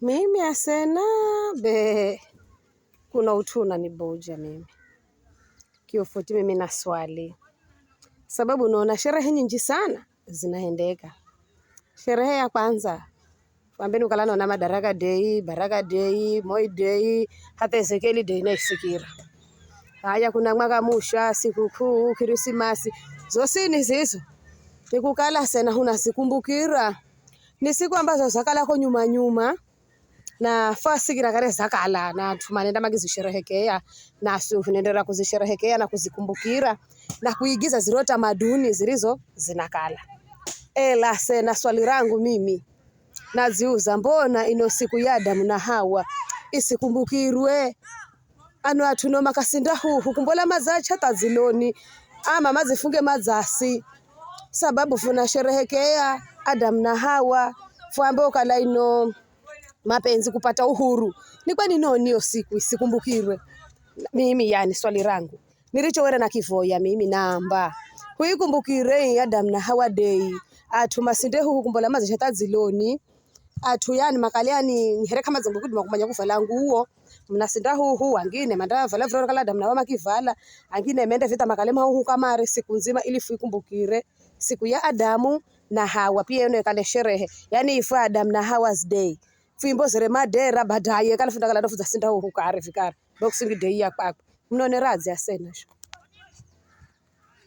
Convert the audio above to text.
Mimi asena be kuna utu unanibuja mimi kiufupi, mimi na swali sababu naona sherehe nyingi sana zinaendeka. Sherehe ya kwanza wambeni, ukala naona Madaraka Day, Baraka Day, Moi Day, hata Ezekieli na naisikira. Haya, kuna mwaka musha, sikukuu, Krismasi zosini zizo nikukala sena sikumbukira ni siku ambazo nyuma nyuma na fasi kila kareza kala na tumanenda magizisherehekea na tunaendelea kuzisherehekea na kuzikumbukira na kuigiza zirota maduni zilizo zinakala. Ela se na swali rangu mimi naziuza, mbona ino siku ya Adamu na Hawa isikumbukirwe? ano atuno makasinda hu hukumbola mazacha taziloni ama mazifunge mazasi sababu funasherehekea Adamu na Hawa fwambo kala ino mapenzi kupata uhuru ni kwani no niyo siku sikumbukirwe mimi yani swali rangu nilichowera na kivoya mimi namba kuikumbukire adam na Hawa day atu masinde huku kumbola mazisha taziloni atu yani makali yani here kama zangu zingukudi makumanya kuvala nguo mnasinda huhu angine mandaa vala vroro kala adam na wama kivala angine mende vita makale mahuhu kama siku nzima ili fuikumbukire siku ya Adamu na Hawa pia ino ikale sherehe yani ifu Adam na Hawa's day fimbo zeremadhera badhaye kanofunda kala ndofudza sindauru kare zvikare ndokusingidheiya kwakwe munone radzi yasenazvo